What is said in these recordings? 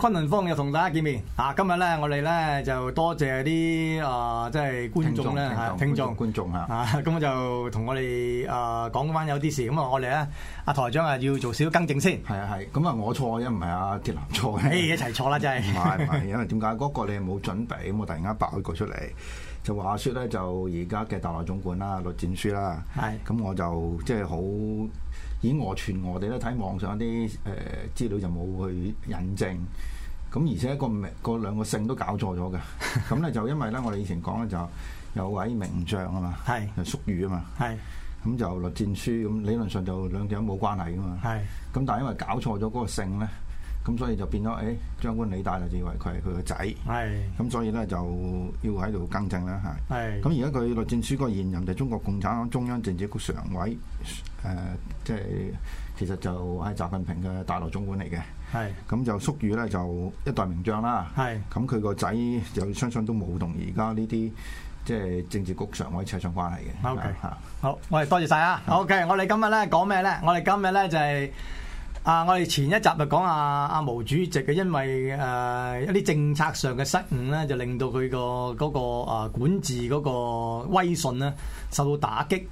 崑崙風又同大家見面啊！今日咧，我哋咧就多謝啲啊、呃，即係觀眾咧眾，聽眾觀眾眾啊！啊、嗯，咁就同我哋啊講翻有啲事，咁、嗯、啊，我哋咧阿台長啊，要做少少更正先。係啊係，咁啊我錯嘅，唔係阿鐵男錯嘅。一齊錯啦真係。唔係唔係，因為點解嗰個你冇準備，咁我突然間爆一個出嚟，就話說咧，就而家嘅大內總管啦、栗戰書啦，咁的我就即係好。以訛傳訛哋咧睇網上一啲誒資料就冇去引證，咁而且個名、個兩個姓都搞錯咗嘅。咁咧 就因為咧我哋以前講咧就有位名將啊嘛，係， 就粟裕啊嘛，係，咁就《栗戰書》咁理論上就兩者冇關係噶嘛，係，咁但係因為搞錯咗嗰個姓咧。咁所以就變咗，誒、哎、張冠李戴就以為佢係佢個仔。係。咁所以咧就要喺度更正啦嚇。係。咁而家佢栗戰書個現任就中國共產黨中央政治局常委，誒即係其實就係習近平嘅大內總管嚟嘅。係是的。咁就粟裕咧就一代名將啦。係。咁佢個仔就相信都冇同而家呢啲即係政治局常委扯上關係嘅。O K 嚇。好，我哋多謝晒啊。的 o、okay, K，我哋今日咧講咩咧？我哋今日咧就係、是。啊！我哋前一集就講阿阿毛主席嘅，因為誒、呃、一啲政策上嘅失誤咧，就令到佢個個啊管治嗰個威信咧受到打擊。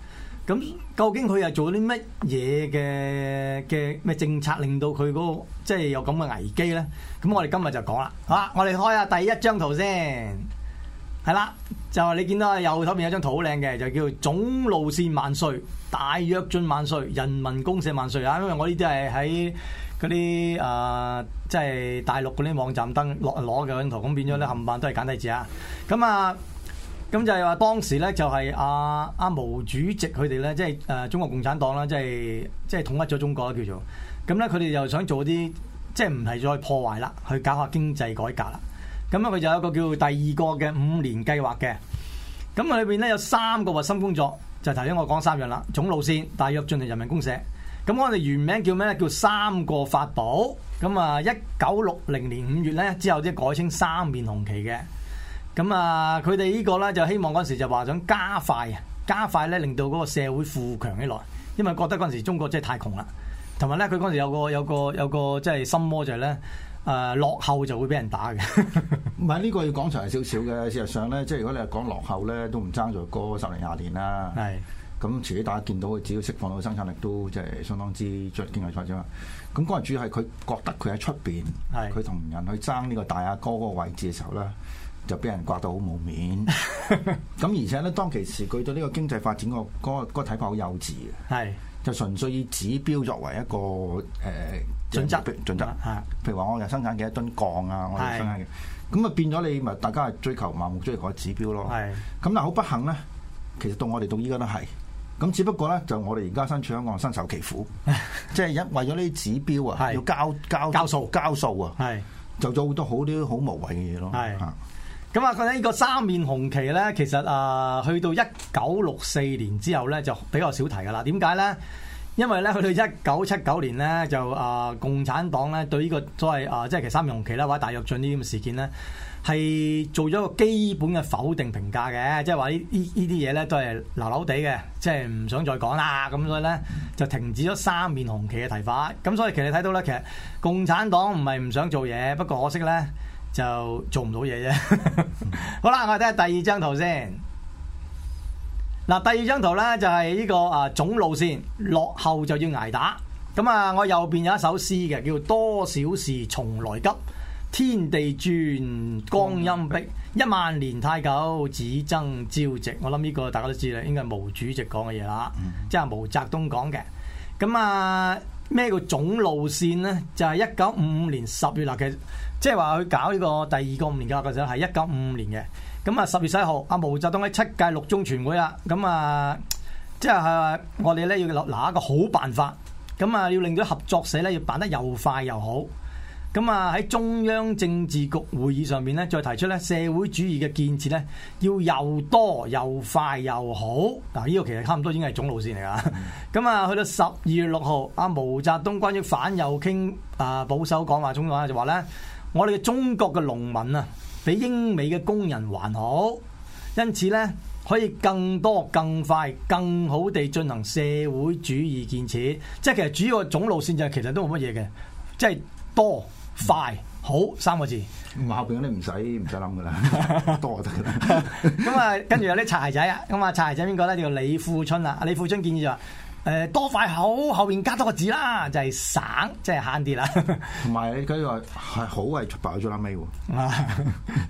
咁究竟佢又做咗啲乜嘢嘅嘅咩政策，令到佢嗰、那個即係、就是、有咁嘅危機咧？咁我哋今日就講啦，好啦，我哋開下第一張圖先。係啦，就係你見到右手邊有張圖好靚嘅，就叫總路線萬歲、大躍進萬歲、人民公社萬歲啊！因為我呢啲係喺嗰啲誒，即、uh, 係大陸嗰啲網站登攞攞嘅張圖，咁變咗咧冚唪唥都係簡體字啊！咁啊，咁就係話當時咧就係阿阿毛主席佢哋咧，即係誒中國共產黨啦、就是，即係即係統一咗中國啦，叫做咁咧，佢哋又想做啲即係唔係再破壞啦，去搞下經濟改革啦。咁咧佢就有一個叫第二個嘅五年計劃嘅，咁啊裏邊咧有三個核心工作，就頭先我講三樣啦，總路線，大約進入人民公社。咁我哋原名叫咩咧？叫三個法寶。咁啊，一九六零年五月咧之後，即改稱三面紅旗嘅。咁啊，佢哋呢個咧就希望嗰時就話想加快，加快咧令到嗰個社會富強起來，因為覺得嗰陣時中國真係太窮啦。同埋咧，佢嗰陣時有個有個有個即係心魔就係咧。誒、呃，落後就會俾人打嘅， 唔係呢個要講長少少嘅。事實上咧，即係如果你係講落後咧，都唔爭咗個十零廿年啦。係是，咁前幾日大家見到，佢只要釋放到生產力，都即係相當之著經濟發展。咁主要係佢覺得佢喺出邊，佢同是人去爭呢個大阿哥個位置嘅時候咧，就俾人刮到好冇面。咁 而且咧，當其時佢對呢個經濟發展、嗰個、嗰個個睇法好幼稚嘅，係是 就純粹以指標作為一個誒。呃呃準則嘅準則，譬如話我哋生產幾多噸鋼啊，我哋生產嘅，咁啊是的 變咗你咪大家係追求盲目追求嘅指標咯。係咁，但好不幸咧，其實到我哋到依家都係，咁只不過咧就我哋而家身處香港身受其苦，即係一為咗呢啲指標啊，是的 要交交交數交數啊，係就做好多好啲好無謂嘅嘢咯。係咁啊講呢個三面紅旗咧，其實啊、呃、去到一九六四年之後咧就比較少提噶啦。點解咧？因為咧，去到一九七九年咧，就啊、呃，共產黨咧對呢個所謂啊、呃，即係其實三面紅旗啦，或者大躍進呢啲事件咧，係做咗個基本嘅否定評價嘅，即係話呢呢呢啲嘢咧都係流流地嘅，即係唔想再講啦，咁所以咧就停止咗三面紅旗嘅提法。咁所以其實睇到咧，其實共產黨唔係唔想做嘢，不過可惜咧就做唔到嘢啫。 好啦，我哋睇下第二張圖先。嗱，第二張圖咧就係呢個啊總路線，落後就要挨打。咁啊，我右邊有一首詩嘅，叫多少事從來急，天地轉，光陰迫，一萬年太久，只爭朝夕。我諗呢個大家都知啦，應該係毛主席講嘅嘢啦，即係、嗯、毛澤東講嘅。咁啊，咩叫總路線呢？就係一九五五年十月立嘅，即係話佢搞呢個第二個五年嘅時候，係一九五五年嘅。咁啊，十月十一號，阿毛澤東喺七屆六中全會啦。咁、嗯、啊，即係我哋咧要落拿一個好辦法。咁、嗯、啊，要令到合作社咧要辦得又快又好。咁、嗯、啊，喺中央政治局會議上面咧，再提出咧社會主義嘅建設咧，要又多又快又好。嗱、嗯，呢、這個其實差唔多已經係總路線嚟㗎。咁、嗯、啊，去、 嗯、到十二月六號，阿毛澤東關於反右傾啊、呃、保守講話中嘅話就話咧，我哋嘅中國嘅農民啊。比英美嘅工人還好，因此咧可以更多、更快、更好地進行社會主義建設。即係其實主要嘅總路線就係其實都冇乜嘢嘅，即係多、快、好三個字。後邊嗰啲唔使唔使諗噶啦， 多就得啦。咁啊，跟住有啲柴仔啊，咁啊柴仔邊個咧？叫李富春啊，李富春建議就話。誒多塊好，後邊加多個字啦，就係、是、省，即係慳啲啦。同埋你嗰個係好係出爆咗啦尾喎，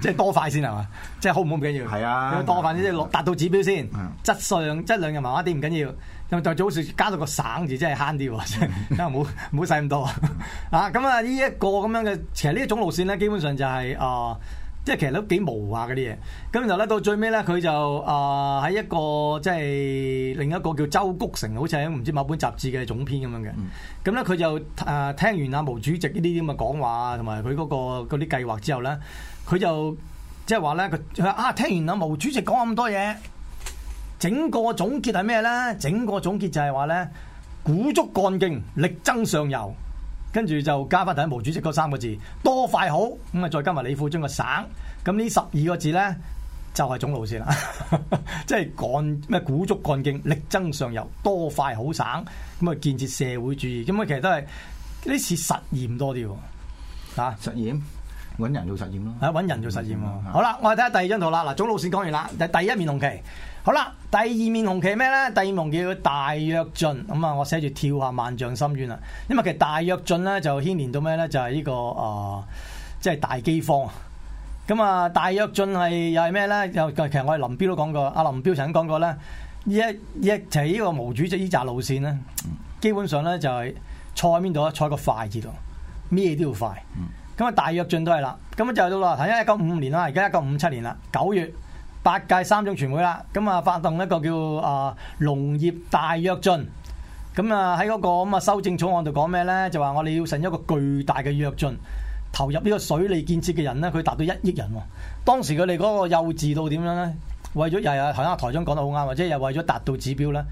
即係 多塊先係嘛？即係好唔好唔緊要，係啊，即多塊先落、啊、達到指標先，質上、啊、質量又麻麻啲唔緊要，咁就最好係加到個省字，真係慳啲，即係唔好使咁多 啊！咁啊，呢一個咁樣嘅，其實呢一種路線咧，基本上就係、是、啊。呃即係其實都幾無話嗰啲嘢，咁然後咧到最尾咧，佢就啊喺一個即係另一個叫周谷城，好似唔知某本雜誌嘅總編咁樣嘅，咁咧佢就啊、呃、聽完啊毛主席呢啲咁嘅講話同埋佢嗰個嗰啲計劃之後咧，佢就即係話咧佢啊聽完啊毛主席講咁多嘢，整個總結係咩咧？整個總結就係話咧，鼓足幹勁，力爭上游。跟住就加翻第一毛主席嗰三個字多快好咁啊！再加埋李富春個省咁呢十二個字咧就係、是、總路線啦，即係幹咩鼓足幹勁，力爭上游，多快好省咁啊！建設社會主義咁啊！其實都係呢次實驗多啲喎啊！實驗揾人做實驗咯，係揾、啊、人做實驗。嗯、好啦，我哋睇下第二張圖啦。嗱，總路線講完啦，就第一面紅旗。好啦，第二面紅旗咩咧？第二紅旗叫大躍進。咁啊，我寫住跳下萬丈深淵啦。因為其實大躍進咧就牽連到咩咧？就係、是、呢、這個啊，即、呃、係、就是、大饑荒。咁啊，大躍進係又係咩咧？又其實我哋林彪都講過，阿林彪曾經講過咧，一一就呢個毛主席呢揸路線咧，嗯、基本上咧就係賽邊度啊，賽個快字度，咩都要快。咁啊、嗯，大躍進都係啦。咁啊，就到啦，睇下一九五五年啦，而家一九五七年啦，九月。八屆三中全會啦，咁啊發動一個叫啊農業大躍進，咁啊喺嗰個咁啊修正草案度講咩咧？就話我哋要成一個巨大嘅躍進，投入呢個水利建設嘅人咧，佢達到一億人。當時佢哋嗰個幼稚到點樣咧？為咗又係頭啱台長講得好啱，或者又為咗達到指標啦，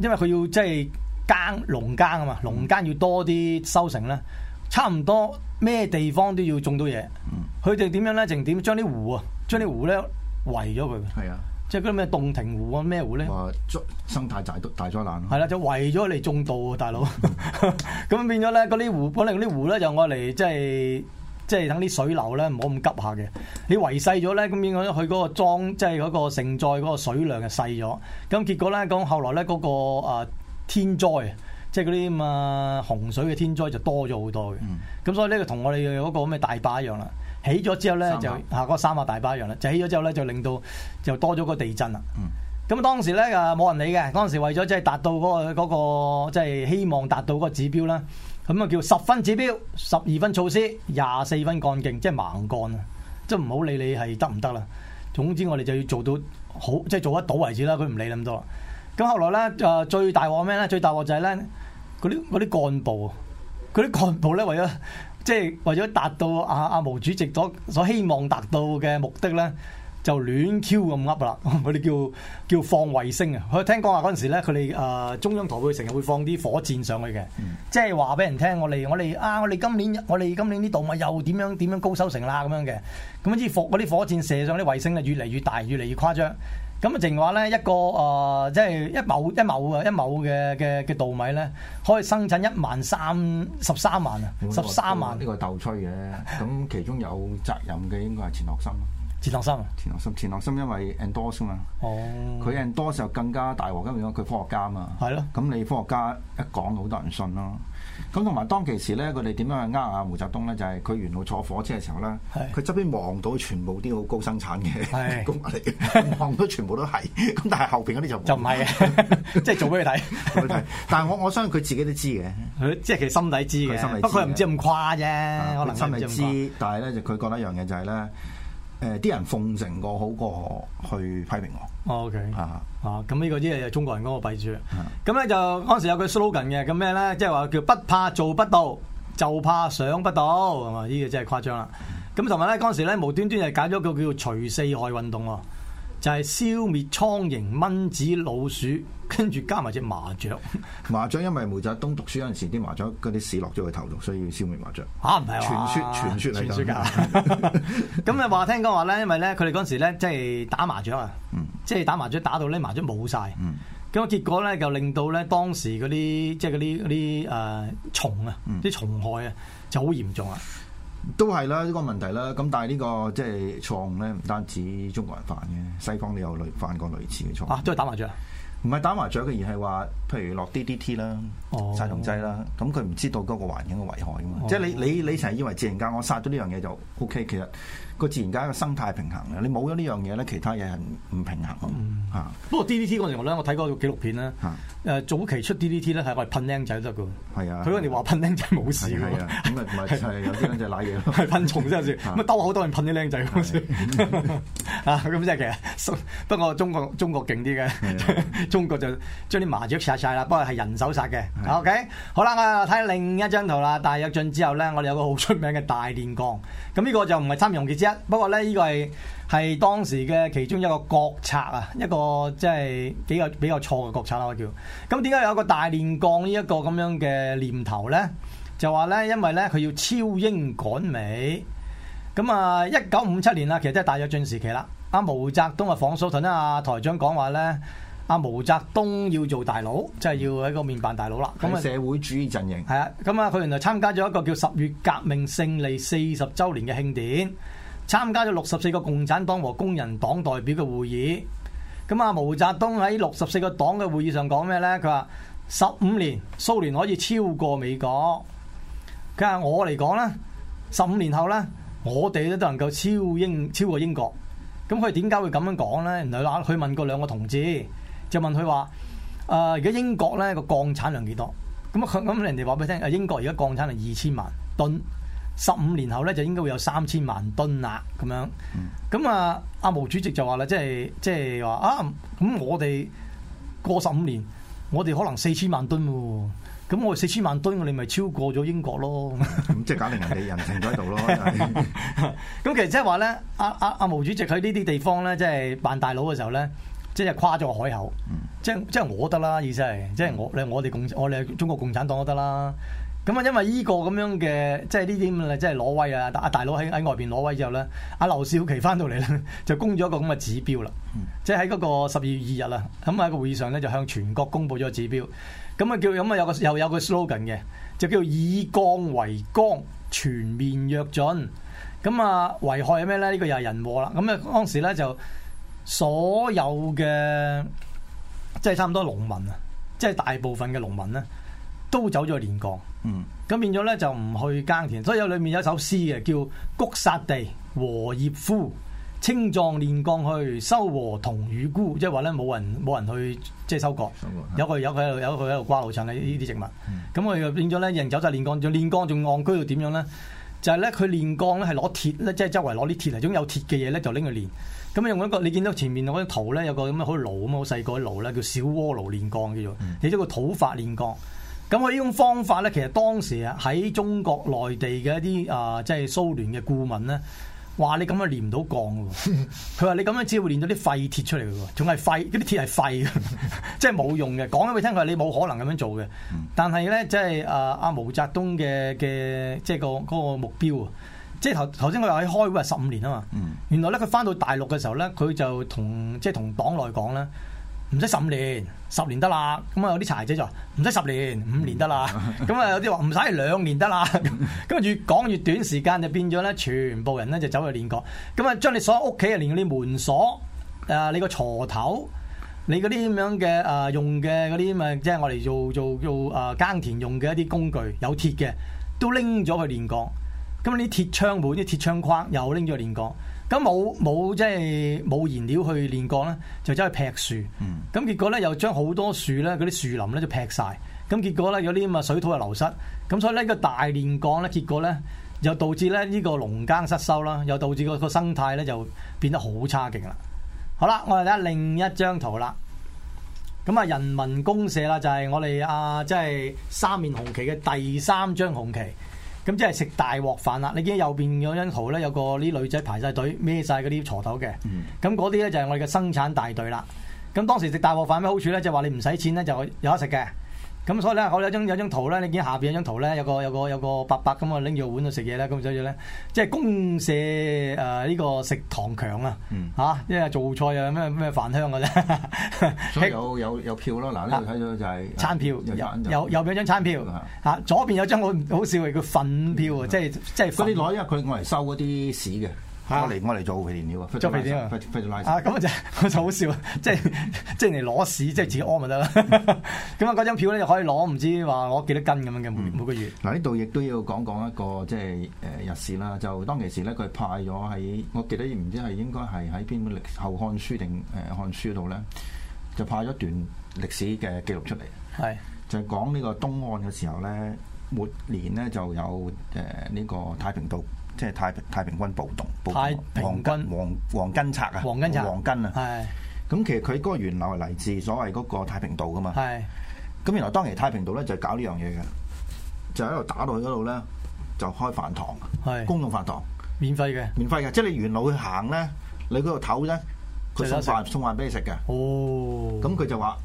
因為佢要即係耕農耕啊嘛，農耕要多啲收成啦，差唔多咩地方都要種到嘢。佢哋點樣咧？淨點將啲湖啊，將啲湖咧。圍咗佢，係啊，即係嗰啲咩洞庭湖啊，咩湖咧？生態大災大災難咯、啊。係啦、啊，就圍咗嚟種稻啊，大佬。咁、嗯、 變咗咧，嗰啲湖，嗰啲啲湖咧，就我嚟即係即係等啲水流咧，唔好咁急下嘅。你圍細咗咧，咁變咗佢嗰個裝，即係嗰個盛載嗰個水量啊，細咗。咁結果咧，講後來咧，嗰、嗰個啊天災，即係嗰啲咁啊洪水嘅天災就多咗好多嘅。咁、嗯、所以呢個同我哋嗰個咩大壩一樣啦。起咗之後咧，就嚇嗰三亞下、那個、大壩一樣啦！就起咗之後咧，就令到就多咗個地震啦。咁、嗯、當時咧誒冇人理嘅，當時為咗即係達到嗰、那個即係、那個就是、希望達到嗰個指標啦，咁啊叫十分指標，十二分措施，廿四分幹勁，即係盲幹啊！即係唔好理你係得唔得啦。總之我哋就要做到好，即、就、係、是、做得到為止啦。佢唔理咁多。咁後來咧誒最大鑊咩咧？最大鑊就係咧嗰啲啲幹部，嗰啲幹部咧為咗。即係為咗達到阿阿、啊啊、毛主席所所希望達到嘅目的咧，就亂 Q 咁噏啦，佢哋叫叫放衛星啊！佢聽講話嗰陣時咧，佢哋誒中央台會成日會放啲火箭上去嘅，即係話俾人聽我哋我哋啊我哋今年我哋今年啲作物又點樣點樣高收成啦咁樣嘅，咁好似火嗰啲火箭射上啲衛星咧，越嚟越大越嚟越誇張。咁啊，淨話咧一個誒、呃、即係一畝一畝嘅一畝嘅嘅嘅稻米咧，可以生產一萬三十三萬啊，十三萬呢個斗吹嘅。咁 其中有責任嘅應該係錢學森。錢學森？啊！錢學森，錢學森，因為 endorse 啫嘛。哦。佢 endorse 就更加大鑊，因為佢科學家啊嘛。係咯。咁你科學家一講，好多人信咯。咁同埋當其時咧，佢哋點樣去呃啊毛澤東咧？就係佢沿路坐火車嘅時候咧，佢側邊望到全部啲好高生產嘅工業嚟嘅，望到全部都係。咁但係後邊嗰啲就就唔係嘅，即係做俾佢睇。但係我我相信佢自己都知嘅，即係其實心底知嘅。心底知，不過又唔知咁誇啫。心底知，但係咧，就佢覺得一樣嘢就係咧。誒啲人奉承我好過去批評我。OK 啊啊！咁呢個啲係中國人嗰個弊處。咁咧就嗰陣時有句 slogan 嘅咁咩咧？即係話叫不怕做不到，就怕想不到。係嘛？呢個真係誇張啦。咁同埋咧嗰陣時咧無端端又搞咗個叫除四害運動喎。就係消滅蒼蠅、蚊子、老鼠，跟住加埋隻麻雀。麻雀因為毛澤東讀書嗰陣時，啲麻雀嗰啲屎落咗佢頭度，所以要消滅麻雀。吓？唔係話？傳說傳說係咁。咁 啊 話聽講話咧，因為咧佢哋嗰陣時咧，即係打麻雀啊，即係、嗯、打麻雀打到咧麻雀冇晒，咁啊、嗯、結果咧就令到咧當時嗰啲即係嗰啲嗰啲誒蟲啊，啲、就、蟲、是嗯、害啊就好嚴重啊。都係啦，呢個問題啦。咁但係呢個即係錯誤咧，唔單止中國人犯嘅，西方你有類犯過類似嘅錯誤。啊，都係打麻雀？唔係打麻雀嘅，而係話，譬如落 D D T 啦、殺蟲劑啦，咁佢唔知道嗰個環境嘅危害啊嘛。哦、即係你你你成日以為自然界，我殺咗呢樣嘢就 OK，其實。個自然界嘅生態平衡嘅，你冇咗呢樣嘢咧，其他嘢係唔平衡咯嚇。不過 D D T 嗰陣時咧，我睇過紀錄片啦，誒早期出 D D T 咧係我係噴僆仔得噶喎，係啊，佢嗰陣時話噴僆仔冇事喎，咁啊同埋係有僆仔舐嘢，係噴蟲先有事，兜好多人噴啲僆仔咁即係其實，不過中國中國勁啲嘅，中國就將啲麻雀殺晒啦，不過係人手殺嘅。OK，好啦，我睇另一張圖啦，大躍進之後咧，我哋有個好出名嘅大煉鋼，咁呢個就唔係三洋不過呢，呢個係係當時嘅其中一個國策啊，一個即係比較比較錯嘅國策啦，我叫。咁點解有個大煉鋼呢？一個咁樣嘅念頭呢，就話呢，因為呢，佢要超英趕美。咁啊，一九五七年啦，其實都係大躍進時期啦。阿毛澤東啊，訪蘇等啊，台長講話呢，阿毛澤東要做大佬，即係要喺個面辦大佬啦。咁啊，社會主義陣營。係啊，咁啊，佢原來參加咗一個叫十月革命勝利四十週年嘅慶典。參加咗六十四個共產黨和工人黨代表嘅會議，咁啊，毛澤東喺六十四個黨嘅會議上講咩咧？佢話十五年蘇聯可以超過美國，佢話我嚟講咧，十五年後咧，我哋咧都能夠超英超過英國。咁佢點解會咁樣講咧？然後佢問過兩個同志，就問佢話：誒而家英國咧個鋼產量幾多？咁咁人哋話俾你聽，啊英國而家鋼產量二千萬噸。十五年後咧就應該會有三千萬噸啦，咁樣。咁、嗯、啊，阿毛主席就話啦，即係即係話啊，咁我哋過十五年，我哋可能四千萬噸，咁我四千萬噸我哋咪超過咗英國咯。咁即係搞掂人哋人停咗喺度咯。咁其實即係話咧，阿阿阿毛主席喺呢啲地方咧，即係扮大佬嘅時候咧，即係誇咗海口。即即係我得啦，意思係，即、就、係、是、我咧，嗯、我哋共，我哋中國共產黨都得啦。咁啊，因為呢個咁樣嘅，即係呢啲咁啊，即係攞威啊！阿大佬喺喺外邊攞威之後咧，阿劉少奇翻到嚟咧，就公咗一個咁嘅指標啦。嗯、即係喺嗰個十二月二日啦，咁啊，喺個會議上咧，就向全國公布咗個指標。咁啊，叫咁啊，有個又有個 slogan 嘅，就叫以鋼為綱，全面躍進。咁啊，危害係咩咧？呢個又係人禍啦。咁啊，當時咧就所有嘅，即係差唔多農民啊，即係大部分嘅農民咧。都走咗去煉鋼，咁變咗咧就唔去耕田，所以有裏面有一首詩嘅叫《谷殺地禾葉枯》，青壯煉鋼去，收禾同雨孤，即係話咧冇人冇人去即係收割，有個有個有個喺度掛爐襯呢啲植物，咁我又變咗咧人走就煉鋼，仲煉鋼仲戇居到點樣咧？就係咧佢煉鋼咧係攞鐵咧，即係周圍攞啲鐵，總之有鐵嘅嘢咧就拎去煉，咁用一個你見到前面嗰啲圖咧有個咁嘅好似爐咁啊，好細個啲爐咧叫小鍋爐煉鋼叫做，用咗個土法煉鋼。咁我呢種方法咧，其實當時啊喺中國內地嘅一啲啊、呃，即係蘇聯嘅顧問咧，話你咁樣煉唔到鋼，佢話 你咁樣只會煉到啲廢鐵出嚟嘅，仲係廢，啲鐵係廢，即係冇用嘅。講俾佢聽，佢話你冇可能咁樣做嘅。但係咧，即係啊啊毛澤東嘅嘅，即係個個目標啊，即係頭頭先佢話喺開會十五年啊嘛，原來咧佢翻到大陸嘅時候咧，佢就同即係同黨內講咧，唔使十五年，十年得啦。咁啊，有啲柴仔就話唔使十年，五年得啦。咁啊，有啲話唔使兩年得啦。咁越講越短時間，就變咗咧，全部人咧就走去練鋼。咁啊，將你所有屋企啊，連嗰啲門鎖，誒，你個鋤頭，你嗰啲咁樣嘅誒，用嘅嗰啲咁啊，即係我哋做做做誒耕田用嘅一啲工具，有鐵嘅都拎咗去練鋼。咁啲鐵窗門、啲鐵窗框又拎咗去練鋼。咁冇冇即係冇燃料去煉鋼咧，就走去劈樹。咁、嗯、結果咧又將好多樹咧嗰啲樹林咧就劈晒。咁結果咧有啲咁啊，水土又流失。咁所以呢，這個大煉鋼咧，結果咧又導致咧呢個農耕失收啦，又導致個導致個生態咧就變得好差勁啦。好啦，我哋睇下另一張圖啦。咁啊，人民公社啦、啊，就係我哋啊，即係三面紅旗嘅第三張紅旗。咁即係食大鍋飯啦！你見右邊嗰張圖咧，有個啲女仔排晒隊，孭晒嗰啲鋤頭嘅。咁嗰啲咧就係我哋嘅生產大隊啦。咁當時食大鍋飯有咩好處咧？就係話你唔使錢咧，就有得食嘅。咁所以咧，我有張有張圖咧，你見下邊有張圖咧，有個有個有個伯伯咁啊，拎住個碗度食嘢咧，咁所以咧，即係公社誒呢個食堂強啊嚇，因、啊、為做菜啊咩咩飯香嘅、啊、啫。 有有有票咯，嗱呢度睇到就係餐票，右，右邊有有邊張餐票嚇？啊、左邊有張好好少嘅叫份票喎、嗯，即係即係。啲攞因為佢我嚟收嗰啲屎嘅。我嚟我嚟做肥田鳥啊！做肥田啊！啊咁啊就，我就好笑，嗯、即係即係你攞屎，即係自己屙咪得啦。咁啊，嗰張票咧就可以攞唔知話攞幾多斤咁樣嘅每每個月。嗱、嗯，呢度亦都要講講一個即係誒歷史啦。就當其時咧，佢派咗喺我記得唔知係應該係喺邊本歷《後漢書》定《誒漢書》度咧，就派咗段歷史嘅記錄出嚟。係是就係講呢個東漢嘅時候咧，末年咧就有誒呢個太平道。即係太平太平軍暴動，黃巾黃黃巾賊啊，黃是的 巾賊黃巾啊，係。咁其實佢嗰個源流係嚟自所謂嗰個太平道噶嘛。係。咁原來當其太平道咧就係搞呢樣嘢嘅，就喺度打到去嗰度咧，就開飯堂，係，是的 公共飯堂，免費嘅，免費嘅。即係你沿路去行咧，你嗰度唞咧，佢送飯的送飯俾你食嘅。哦。咁佢就話：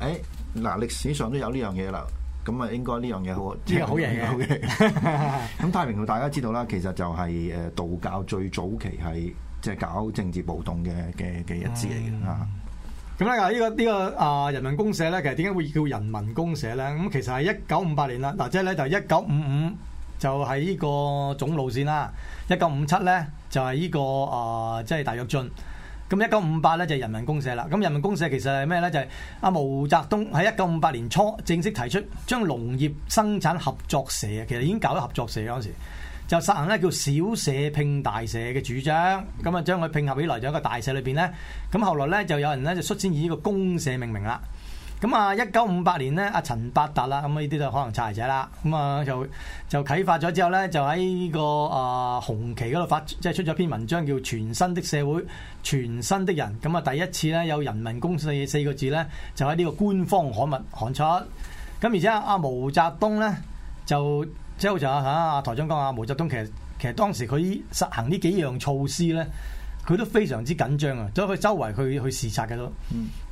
誒，嗱，歷史上都有呢樣嘢啦。嗯咁啊，應該呢樣嘢好，真係好嘢嘅。咁太平道大家知道啦，其實就係誒道教最早期係即係搞政治暴動嘅嘅嘅日子嚟嘅嚇。咁咧，呢個呢個啊人民公社咧，其實點解會叫人民公社咧？咁其實係一九五八年啦，嗱，即係咧就係一九五五就係呢個總路線啦，一九五七咧就係呢個啊，即係大躍進。咁一九五八咧就係、人民公社啦，咁人民公社其實係咩咧？就係、是、阿毛澤東喺一九五八年初正式提出將農業生產合作社，其實已經搞咗合作社嗰陣時，就實行咧叫小社拼大社嘅主張，咁啊將佢拼合起來，咗一個大社裏邊咧，咁後來咧就有人咧就率先以呢個公社命名啦。咁啊，一九五八年咧，阿陳伯達啦，咁呢啲就可能拆鞋仔啦，咁啊就就啟發咗之後咧，就喺呢、這個啊、呃、紅旗嗰度發，即係出咗篇文章叫《全新的社會，全新的人》。咁啊，第一次咧有人民公社四個字咧，就喺呢個官方刊物刊出。咁而且阿毛澤東咧，就即係好似阿嚇阿台長講啊，毛澤東其實其實當時佢實行呢幾樣措施咧。佢都非常之緊張啊！走去周圍去去視察嘅都，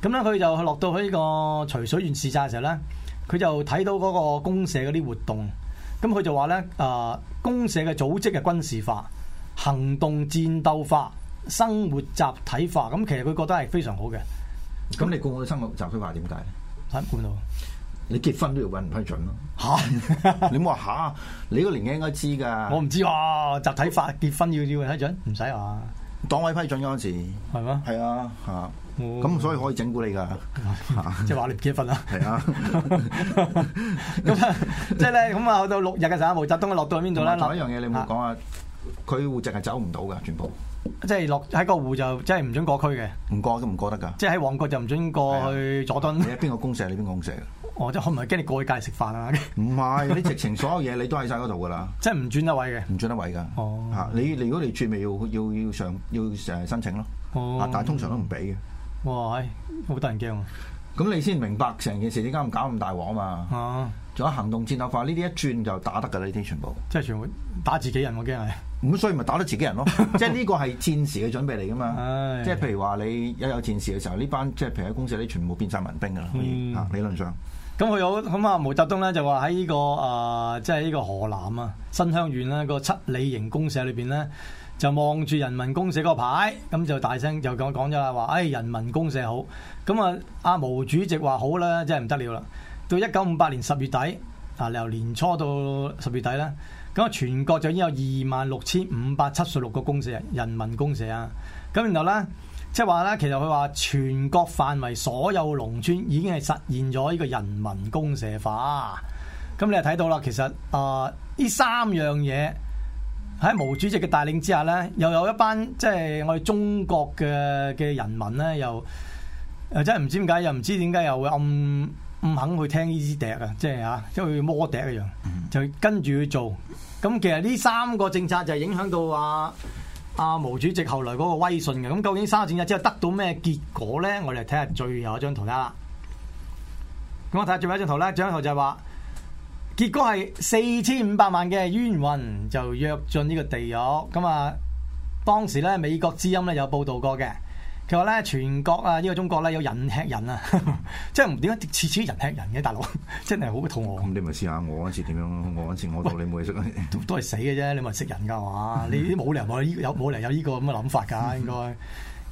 咁咧佢就去落到去呢個徐水縣視察嘅時候咧，佢就睇到嗰個公社嗰啲活動，咁佢就話咧：誒、呃、公社嘅組織係軍事化、行動戰鬥化、生活集體化，咁其實佢覺得係非常好嘅。咁、嗯、你講我嘅生活集體化點解咧？嚇，管到，你結婚都要揾人批准咯、啊？嚇， 你冇好話嚇，你嗰年紀應該知㗎。我唔知喎，集體化結婚要要批准，唔使啊。黨委批准嗰陣時，係咩？係啊，嚇！咁所以可以整蠱你噶，即係話你唔結婚啦。係啊，咁即係咧，咁啊到六日嘅時候，毛澤東落到去邊度咧？嗱，一樣嘢你冇講啊，佢戶籍係走唔到噶，全部即係落喺個湖就即係唔准過區嘅，唔過都唔過得㗎。即係喺旺角就唔准過去佐敦。你喺邊個公社？你邊個公社？哦，即可唔係驚你過去隔籬食飯啊？唔係，你直情所有嘢你都喺晒嗰度噶啦，即係唔轉得位嘅，唔轉得位㗎。哦，你你如果你轉，咪要要要上要誒申請咯。但係通常都唔俾嘅。哇，好得人驚啊！咁你先明白成件事，點解唔搞咁大鑊啊嘛？仲有行動戰鬥化呢啲，一轉就打得㗎啦，呢啲全部。即係全部打自己人，我驚係。咁所以咪打得自己人咯？即係呢個係戰時嘅準備嚟㗎嘛。即係譬如話你一有戰時嘅時候，呢班即係譬如喺公司你全部變晒民兵㗎啦，可以，理論上。咁佢好，咁啊毛澤東咧就話喺呢個啊，即係呢個河南啊新鄉縣咧個七里營公社裏邊咧，就望住人民公社嗰個牌，咁就大聲就講講咗啦，話誒、哎、人民公社好，咁啊阿毛主席話好啦，真係唔得了啦。到一九五八年十月底，啊由年初到十月底咧，咁啊全國就已經有二萬六千五百七十六個公社人人民公社啊，咁然後咧。即係話咧，其實佢話全國範圍所有農村已經係實現咗呢個人民公社化。咁你又睇到啦，其實啊呢、呃、三樣嘢喺毛主席嘅帶領之下咧，又有一班即係我哋中國嘅嘅人民咧，又誒真係唔知點解，又唔知點解又，又會暗唔肯去聽呢支笛啊！即係吓，因為摸笛一樣，就跟住去做。咁其實呢三個政策就係影響到話。阿毛主席後來嗰個威信嘅，咁究竟沙展日之後得到咩結果咧？我哋睇下最後一張圖啦。咁我睇下最後一張圖咧，張圖就係話，結果係四千五百萬嘅冤魂就躍進呢個地獄。咁啊，當時咧美國之音咧有報道過嘅。其實咧，全國啊，呢個中國咧有人吃人啊，即係唔點解次次人吃人嘅？大佬真係好肚餓。咁你咪試下，我嗰次點樣？我嗰次我到喂你冇嘢食，都係死嘅啫。你咪食人噶嘛？ 你啲冇理由冇有冇理由有呢個咁嘅諗法㗎？應該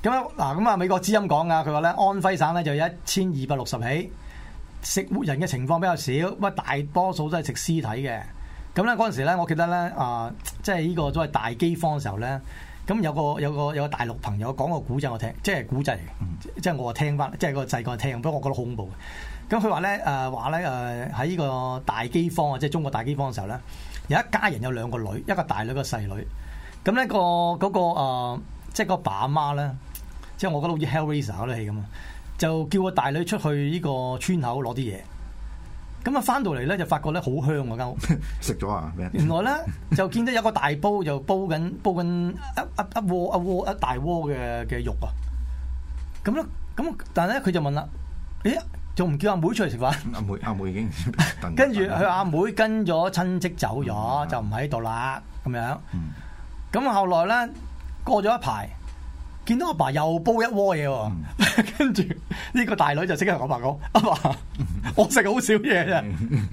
咁啊嗱。咁啊，美國之音講啊，佢話咧，安徽省咧就有一千二百六十起食活人，嘅情況比較少，乜大多數都係食屍體嘅。咁咧嗰陣時咧，我記得咧啊、呃，即係呢個所謂大饑荒嘅時候咧。咁有個有個有個大陸朋友講個古仔我聽，即係古仔嚟，即係我話聽翻，即係個製個聽，不過我覺得好恐怖，咁佢話咧誒話咧誒喺呢、呃呢呃、個大饑荒啊，即係中國大饑荒嘅時候咧，有一家人有兩個女，一個大女，一個細女。咁呢個嗰、嗰個、嗰個呃、即係個爸媽咧，即係我覺得好似 Hellraiser 嗰啲戲咁啊，就叫個大女出去呢個村口攞啲嘢。咁啊，翻到嚟咧就發覺咧好香嗰間屋，食咗啊！原來咧 就見到有個大煲，就煲緊煲緊一一一一一大鍋嘅嘅肉啊！咁咧咁，但係咧佢就問啦：咦，仲唔叫阿妹出嚟食飯？阿妹阿妹已經跟住佢阿妹跟咗親戚走咗，嗯、就唔喺度啦，咁樣。咁、嗯、後來咧過咗一排。見到阿爸，爸又煲一鍋嘢喎、喔，跟住呢個大女就即刻同阿爸講：阿爸，我食好少嘢啫、嗯，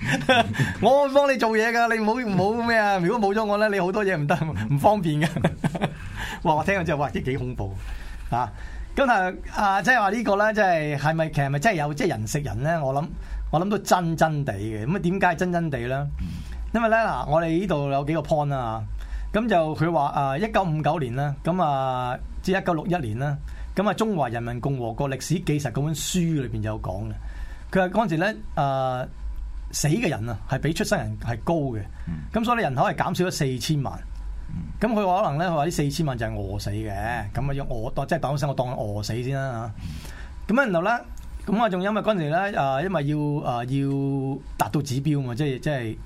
我會幫你做嘢㗎，你唔好唔好咩啊！如果冇咗我咧，你好多嘢唔得，唔方便㗎。哇！我聽到之後，哇！啲幾恐怖啊！咁啊啊，即係話呢個咧，即係係咪其實咪真係有即係人食人咧？我諗我諗到真真地嘅，咁啊點解真真地咧？因為咧嗱，我哋呢度有幾個 point 啊，咁就佢話啊，一九五九年咧，咁、呃、啊。即係一九六一年啦，咁啊《中華人民共和國歷史紀實》嗰本書裏邊有講嘅，佢話嗰陣時咧，啊死嘅人啊係比出生人係高嘅，咁、嗯、所以咧人口係減少咗四千萬，咁佢、嗯、可能咧佢話呢四千萬就係餓死嘅，咁啊要餓當即係黨生我當餓死先啦嚇，咁啊、嗯、然後咧，咁啊仲因為嗰陣時咧啊、呃，因為要啊、呃、要達到指標嘛，即係即係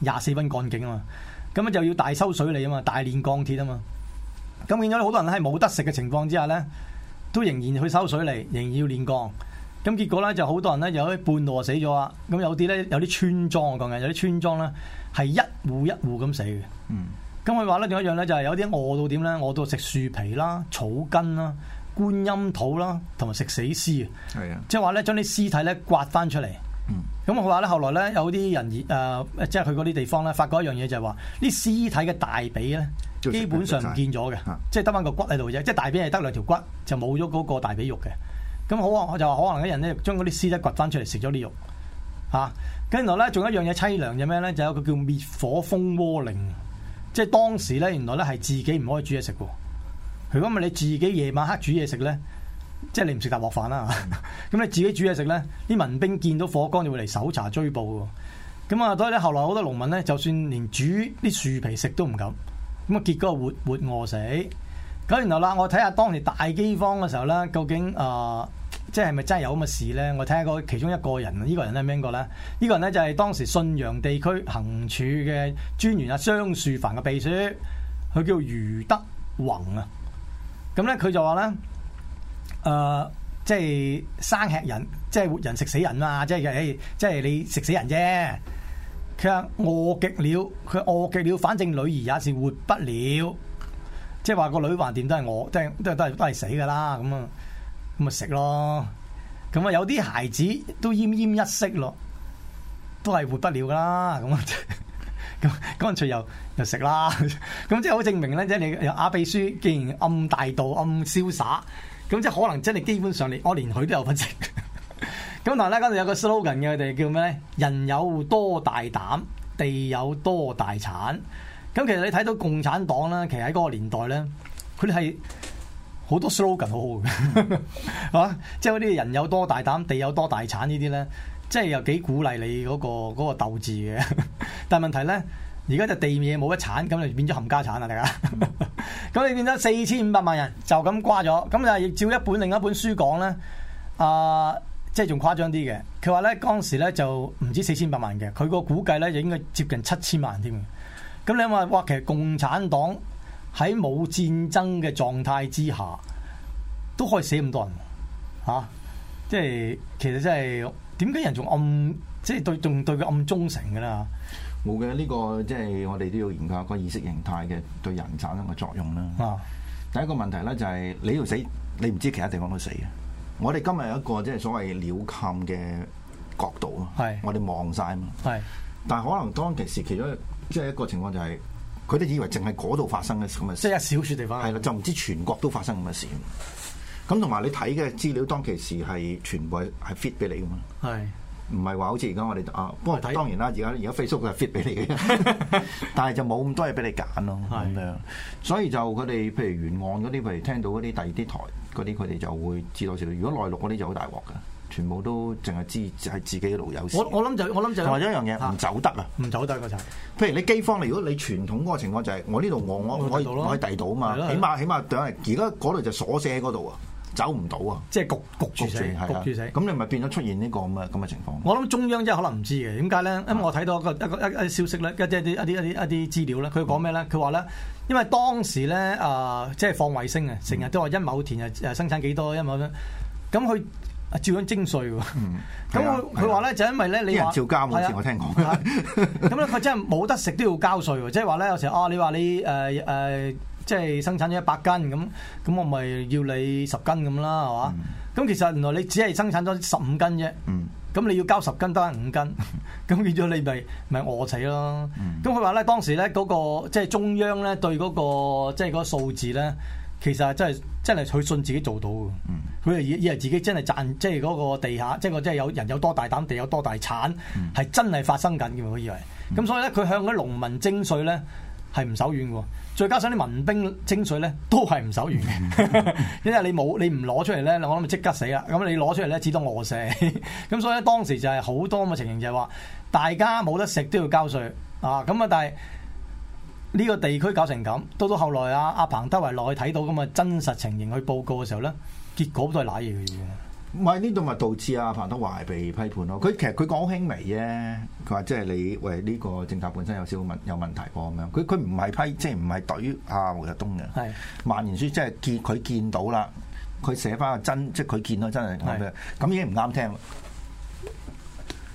廿四分幹警啊嘛，咁啊就要大修水利啊嘛，大煉鋼鐵啊嘛。咁變咗好多人喺冇得食嘅情況之下咧，都仍然去收水利，仍然要煉鋼。咁結果咧，就好多人咧有啲半路死咗啊。咁有啲咧，有啲村莊我講緊，有啲村莊咧係一戶一戶咁死嘅。嗯。咁佢話咧，仲有一樣咧，就係有啲餓到點咧，餓到食樹皮啦、草根啦、觀音土啦，同埋食死屍嘅。係啊、嗯。即係話咧，將啲屍體咧刮翻出嚟。咁佢話咧，後來咧有啲人而、呃、即係去嗰啲地方咧，發覺一樣嘢就係話，啲屍體嘅大髀咧。基本上唔見咗嘅， 即係得翻個骨喺度啫。即係大髀係得兩條骨，就冇咗嗰個大髀肉嘅。咁好啊，我就話可能啲人咧，將嗰啲屍骨掘翻出嚟食咗啲肉嚇。跟住落咧，仲有一樣嘢凄涼嘅咩咧？就是、有個叫滅火蜂窩令，即係當時咧，原來咧係自己唔可以煮嘢食嘅。如果唔係你自己夜晚黑煮嘢食咧，即、就、係、是、你唔食大鑊飯啦。咁 你自己煮嘢食咧，啲民兵見到火光就會嚟搜查追捕嘅。咁啊，所以咧，後來好多農民咧，就算連煮啲樹皮食都唔敢。咁啊，結果個活活餓死。咁然後啦，我睇下當時大饑荒嘅時候咧，究竟啊、呃，即係咪真係有咁嘅事咧？我睇下個其中一個人，呢、這個人呢個人咧係邊個咧？呢、呢個人咧就係當時信陽地區行署嘅專員阿張樹凡嘅秘書，佢叫余德宏啊。咁咧，佢就話咧，誒，即係生吃人，即係活人食死人啊！即係誒，即係你食死人啫。佢話餓極了，佢餓極了，反正女兒也是活不了，即係話個女橫掂都係餓，即係都都係都係死㗎啦，咁啊，咁咪食咯，咁啊有啲孩子都奄奄一息咯，都係活不了㗎啦，咁啊，咁乾脆又又食啦，咁即係好證明咧，即係你阿秘書既然咁大度、咁瀟灑，咁即係可能真係基本上你我連佢都有份食。咁但係嗰度有個 slogan 嘅，佢哋叫咩咧？人有多大膽，地有多大產。咁其實你睇到共產黨咧，其實喺嗰個年代咧，佢哋係好多 slogan 好好嘅，係嘛？即係嗰啲人有多大膽，地有多大產呢啲咧，即係又幾鼓勵你嗰個嗰個鬥志嘅。但係問題咧，而家就地面嘢冇得產，咁就變咗冚家產啦，大家。咁你變咗四千五百萬人就咁瓜咗，咁就亦照一本另一本書講咧，啊、呃。即係仲誇張啲嘅，佢話咧嗰陣時咧就唔止四千八百萬嘅，佢個估計咧就應該接近七千萬添。咁你諗下，哇！其實共產黨喺冇戰爭嘅狀態之下都可以死咁多人，嚇、啊！即係其實真係點解人仲暗，即係對仲對佢暗忠誠㗎啦？這個就是、我嘅呢個即係我哋都要研究個意識形態嘅對人產生嘅作用啦。啊，第一個問題咧就係、是、你要死，你唔知其他地方都死啊。我哋今日有一個即係所謂鳥瞰嘅角度啊，是我哋望晒嘛，是但係可能當其時，其中即係一個情況就係佢哋以為淨係嗰度發生嘅咁嘅事，即係少數地方係啦，就唔知全國都發生咁嘅事。咁同埋你睇嘅資料，當其時係全部係 fit 俾你㗎嘛，唔係話好似而家我哋啊，不過當然啦，而家而家 Facebook 係 fit 俾你嘅， 但係就冇咁多嘢俾你揀咯。係的，所以就佢哋譬如沿岸嗰啲，譬如聽到嗰啲第二啲台。嗰啲佢哋就會知道，條。如果內陸嗰啲就好大鑊㗎，全部都淨係知係自己度路有事我。我我諗就我諗就係一樣嘢，唔、啊、走得啊，唔走得個就係、譬如你機荒，如果你傳統嗰個情況就係、係、我呢度我我可以地道我我第到啊嘛，起碼起碼而家嗰度就鎖死嗰度啊。走唔到啊！即係焗焗住死，焗住死。咁你咪變咗出現呢個咁嘅咁嘅情況。我諗中央真係可能唔知嘅。點解咧？因為我睇到一個一個一消息咧，一啲一啲一啲一啲資料咧。佢講咩咧？佢話咧，因為當時咧啊，即係放衛星啊，成日都話一畝田啊，又生產幾多一畝。咁佢照緊徵稅喎。嗯。咁佢佢話咧，就因為咧，你話照交嗰次我聽講。咁咧，佢真係冇得食都要交稅喎。即係話咧，有時候啊，你話你誒誒。即係生產咗一百斤咁，咁我咪要你十斤咁啦，係嘛？咁、嗯、其實原來你只係生產咗十五斤啫，咁、嗯、你要交十斤得五斤，咁變咗你咪咪餓死咯。咁佢話咧，當時咧、那、嗰個即係、就是、中央咧對嗰、那個即係嗰個數字咧，其實真係真係佢信自己做到佢以為以為自己真係賺，即係嗰個地下，即係即係有人有多大膽，地有多大產，係、嗯、真係發生緊嘅。佢以為，咁、嗯、所以咧，佢向嗰啲農民徵稅咧係唔手軟嘅。再加上啲民兵徵稅咧，都係唔守完嘅，因為你冇你唔攞出嚟咧，我諗即刻死啦。咁你攞出嚟咧，只當餓死。咁所以當時就係好多咁嘅情形，就係話大家冇得食都要交稅啊。咁啊，但係呢個地區搞成咁，到到後來啊，阿彭德懷落去睇到咁嘅真實情形去報告嘅時候咧，結果都係瀨嘢嘅。唔係呢度咪導致阿彭德懷被批判咯？佢其實佢講輕微啫，佢話即係你喂，呢個政策本身有少少問有問題噉樣，佢佢唔係批即係唔係懟阿毛澤東嘅。係萬言書即係見佢見到啦，佢寫翻個真，即係佢見到真係咁樣，咁已經唔啱聽啦。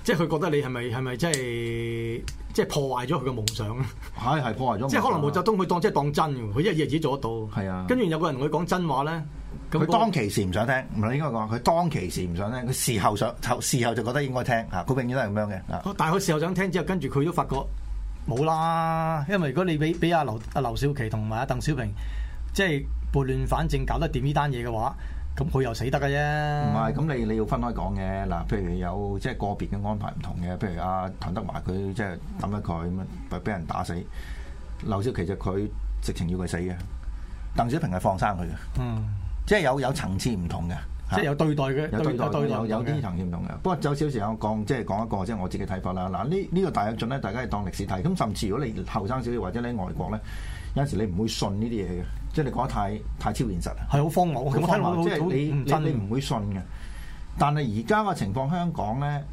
即係佢覺得你係咪係咪即係即係破壞咗佢嘅夢想？係係破壞咗。即係可能毛澤東佢當即係當真嘅，佢一日日子做得到。係啊。跟住有個人同佢講真話咧。佢那當其時唔想聽，唔係應該講。佢當其時唔想聽，佢事後想事後就覺得應該聽嚇。佢永遠都係咁樣嘅。但係佢事後想聽之後，跟住佢都發覺冇啦。因為如果你俾俾阿劉阿劉少奇同埋阿鄧小平即係撥亂反正搞得掂呢單嘢嘅話，咁佢又死得嘅啫。唔係咁，你你要分開講嘅嗱。譬如有即係個別嘅安排唔同嘅，譬如阿、啊、譚德華佢即係抌咗佢咁俾人打死。劉少奇就佢直情要佢死嘅，鄧小平係放生佢嘅。嗯。即係有有層次唔同嘅，即係有對待嘅，有對待對有對待有啲層次唔同嘅。不過有少少講，即係講一個即係我自己睇法啦。嗱，呢呢個大躍進，咧大家當歷史睇。咁甚至如果你後生少少或者你喺外國咧，有陣時你唔會信呢啲嘢嘅，即係你講得太太超現實。係好荒謬，咁即係你真係唔會信嘅。但係而家嘅情況，香港咧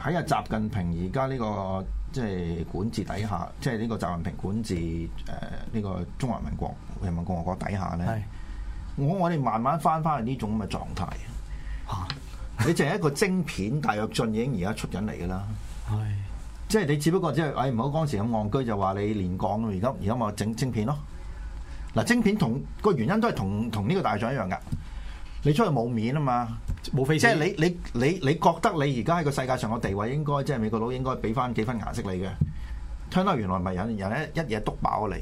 喺阿習近平而家呢個即係管治底下，即係呢個習近平管治誒呢個中華民國人民共和國底下咧。我我哋慢慢翻翻嚟呢種咁嘅狀態，嚇、啊！你就係一個晶片大躍進已經而家出緊嚟噶啦，係， 即係你只不過即係，哎唔好嗰時咁戇居就話你煉鋼，而家而家咪整晶片咯。嗱、啊、晶片同個原因都係同同呢個大象一樣噶，你出去冇面啊嘛，冇 face 即係你你你你覺得你而家喺個世界上嘅地位應該，即係美國佬應該俾翻幾分顏色你嘅？聽落原來唔係人人一嘢夜篤爆你，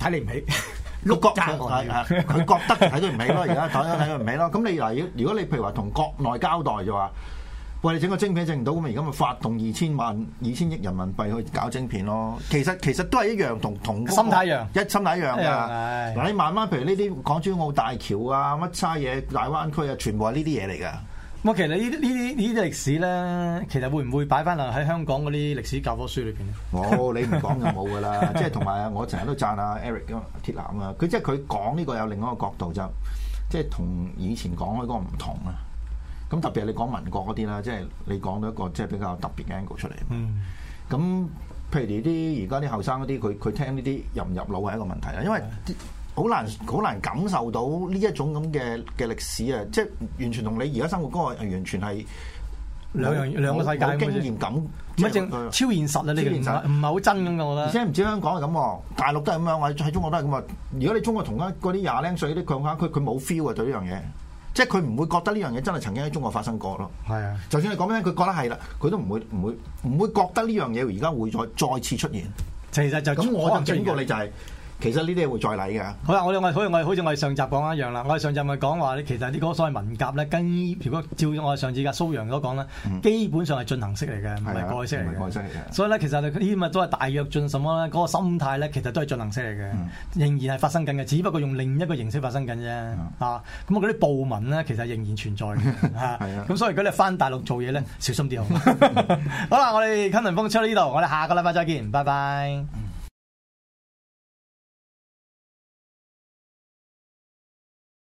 睇你唔起。 六角，佢 覺得睇到唔起咯。而家睇睇到唔起咯。咁你嗱，如果你譬如話同國內交代就話，喂，你整個晶片整唔到咁咪，而家咪發動二千萬、二千億人民幣去搞晶片咯。其實其實都係一樣，同同心態一樣，一心態一樣㗎。嗱，嗯、你慢慢譬如呢啲港珠澳大橋啊、乜嘢大灣區啊，全部係呢啲嘢嚟㗎。其實呢呢啲呢啲歷史咧，其實會唔會擺翻落喺香港嗰啲歷史教科書裏邊咧？冇、哦，你唔講就冇噶啦。 即係同埋我成日都讚阿、啊、Eric 咁鐵男啊，佢即係佢講呢個有另一個角度就，就即係同以前講開嗰個唔同啊。咁特別係你講民國嗰啲啦，即係你講到一個即係比較特別嘅 angle 出嚟。咁、嗯、譬如啲而家啲後生嗰啲，佢佢聽呢啲入唔入腦係一個問題啦，因為。好難好難感受到呢一種咁嘅嘅歷史啊！即係完全同你而家生活嗰個，完全係兩兩個世界嘅經驗感，真超現實啊！呢個唔係好真，咁我覺得。而且唔止香港係咁，大陸都係咁樣，喺喺中國都係咁啊！如果你中國同嗰啲廿零歲啲講法，佢佢冇 feel 啊！對呢樣嘢，即係佢唔會覺得呢樣嘢真係曾經喺中國發生過咯。係啊，就算你講咩，佢覺得係啦，佢都唔會唔會唔會覺得呢樣嘢而家會再再次出現。其實就咁，我就警告你，就係。其實呢啲嘢會再嚟嘅。好啦，我哋我好好似我哋上集講一樣啦，我哋上集咪講話，其實呢個所謂文革咧，跟如果照我上次嘅蘇陽所講咧，基本上係進行式嚟嘅，唔係過去式嚟嘅。所以咧，其實呢啲咪都係大躍進什麼咧，嗰、那個心態咧，其實都係進行式嚟嘅，嗯、仍然係發生緊嘅，只不過用另一個形式發生緊啫。咁我嗰啲暴民咧，其實仍然存在嘅。咁 的、啊、所以如果你翻大陸做嘢咧，小心啲好。 好啦，我哋崑崙風出到呢度，我哋下個禮拜再見，拜拜。